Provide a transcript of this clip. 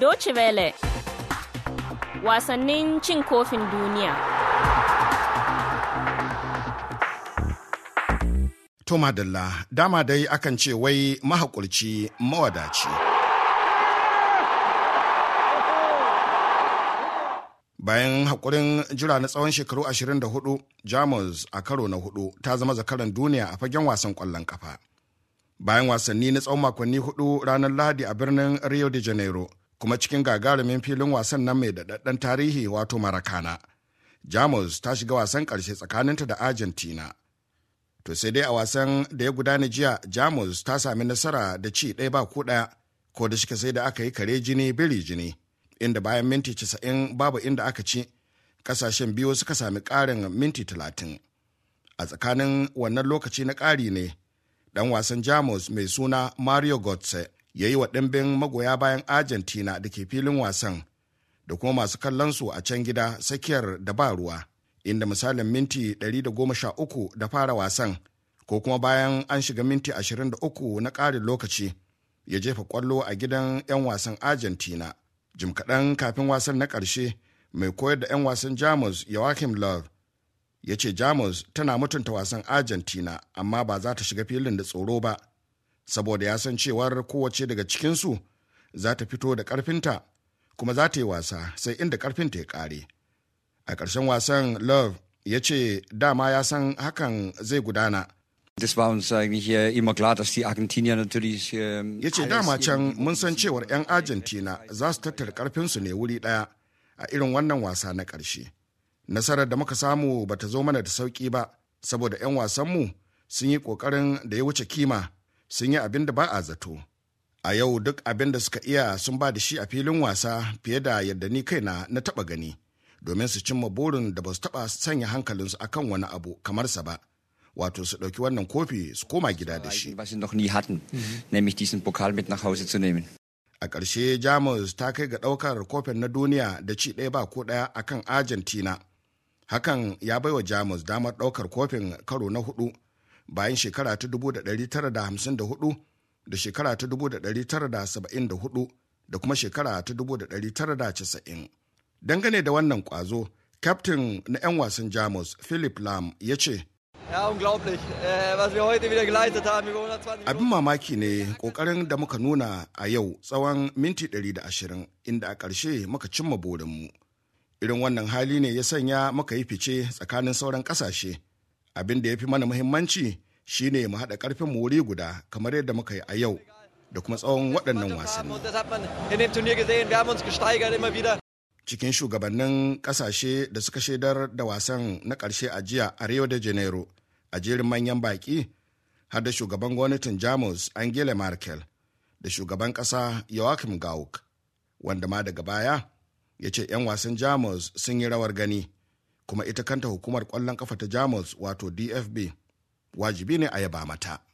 Doce Vele Wasannin cin kofin duniya Toma Dalla, dama dai akan ce wai mahaƙurci mawadaci. bayan haƙurin jira na tsawon shekaru 24 jamus a karo na hudu ta zama zakaran duniya a fagen wasan ƙwallon ƙafa. bayan wasanni na tsawon makonni hudu ranar lahadi a birnin rio de janeiro kuma cikin gagarumin filin wasan nan mai daɗaɗɗen tarihi wato marakana jamus ta shiga wasan ƙarshe tsakaninta da argentina to sai dai a wasan da ya gudana jiya jamus ta sami nasara da ci ɗaya ba ko ɗaya ko da shika sai da aka yi kare jini biri jini inda bayan minti casa'in babu inda aka ci ƙasashen biyu suka sami ƙarin minti talatin a tsakanin wannan lokaci na ƙari ne dan wasan jamus mai suna mario gotse ya yi wa ɗimbin magoya bayan argentina da ke filin wasan da kuma masu kallon su a can gida tsakiyar da ba ruwa inda misalin minti 113 da fara wasan ko kuma bayan an shiga minti 23 na ƙarin lokaci ya jefa ƙwallo a gidan 'yan wasan argentina jim kaɗan kafin wasan na ƙarshe mai koyar da 'yan wasan jamus joachim love ya ce jamus tana mutunta wasan argentina amma ba za ta shiga filin da tsoro ba saboda ya san cewar kowace daga cikinsu za ta fito da karfinta kuma za ta yi wasa sai inda karfinta ya kare a ƙarshen wasan love ya ce dama ya san hakan zai gudana yace äh, ähm, Ya ce dama can mun san cewar 'yan Argentina za su tattara karfinsu ne wuri daya a irin wannan wasa na ƙarshe. nasarar da muka samu ba ta zo mana da sauƙi ba saboda 'yan wasanmu sun yi ƙoƙarin da ya wuce kima sun yi abin da ba a zato a yau duk abin da suka iya sun ba da shi a filin wasa fiye da yadda ni kai na na taɓa gani domin su cimma burin da ba su taɓa sanya hankalinsu a kan wani abu kamar sa ba wato su ɗauki wannan kofi su koma gida da shi. Mhm. A ƙarshe Jamus ta kai ga ɗaukar kofin na duniya da ci ɗaya ba ko ɗaya akan Argentina hakan ya baiwa jamus damar ɗaukar kofin karo na hudu bayan shekara ta 1954 da shekara ta 1974 da kuma shekara ta 1990 dangane da wannan kwazo kaftin na 'yan wasan jamus philip lam ya ce äh, abin mamaki ne kokarin da muka nuna a yau tsawon minti 120 inda a ƙarshe muka cimma burinmu irin wannan hali ne ya sanya muka yi fice tsakanin sauran kasashe abin da ya fi mana muhimmanci shine mu haɗa ƙarfin wuri guda kamar yadda muka yi a yau da kuma tsawon waɗannan wasanni cikin shugabannin ƙasashe da suka shaidar da wasan na ƙarshe a jiya a rio de janeiro a jerin manyan baƙi har da shugaban gwamnatin jamus angela merkel da shugaban ƙasa joachim gauk wanda ma daga baya ya ce 'yan wasan jamus sun yi rawar gani kuma ita kanta hukumar kwallon kafa ta jamus wato dfb wajibi ne a yaba mata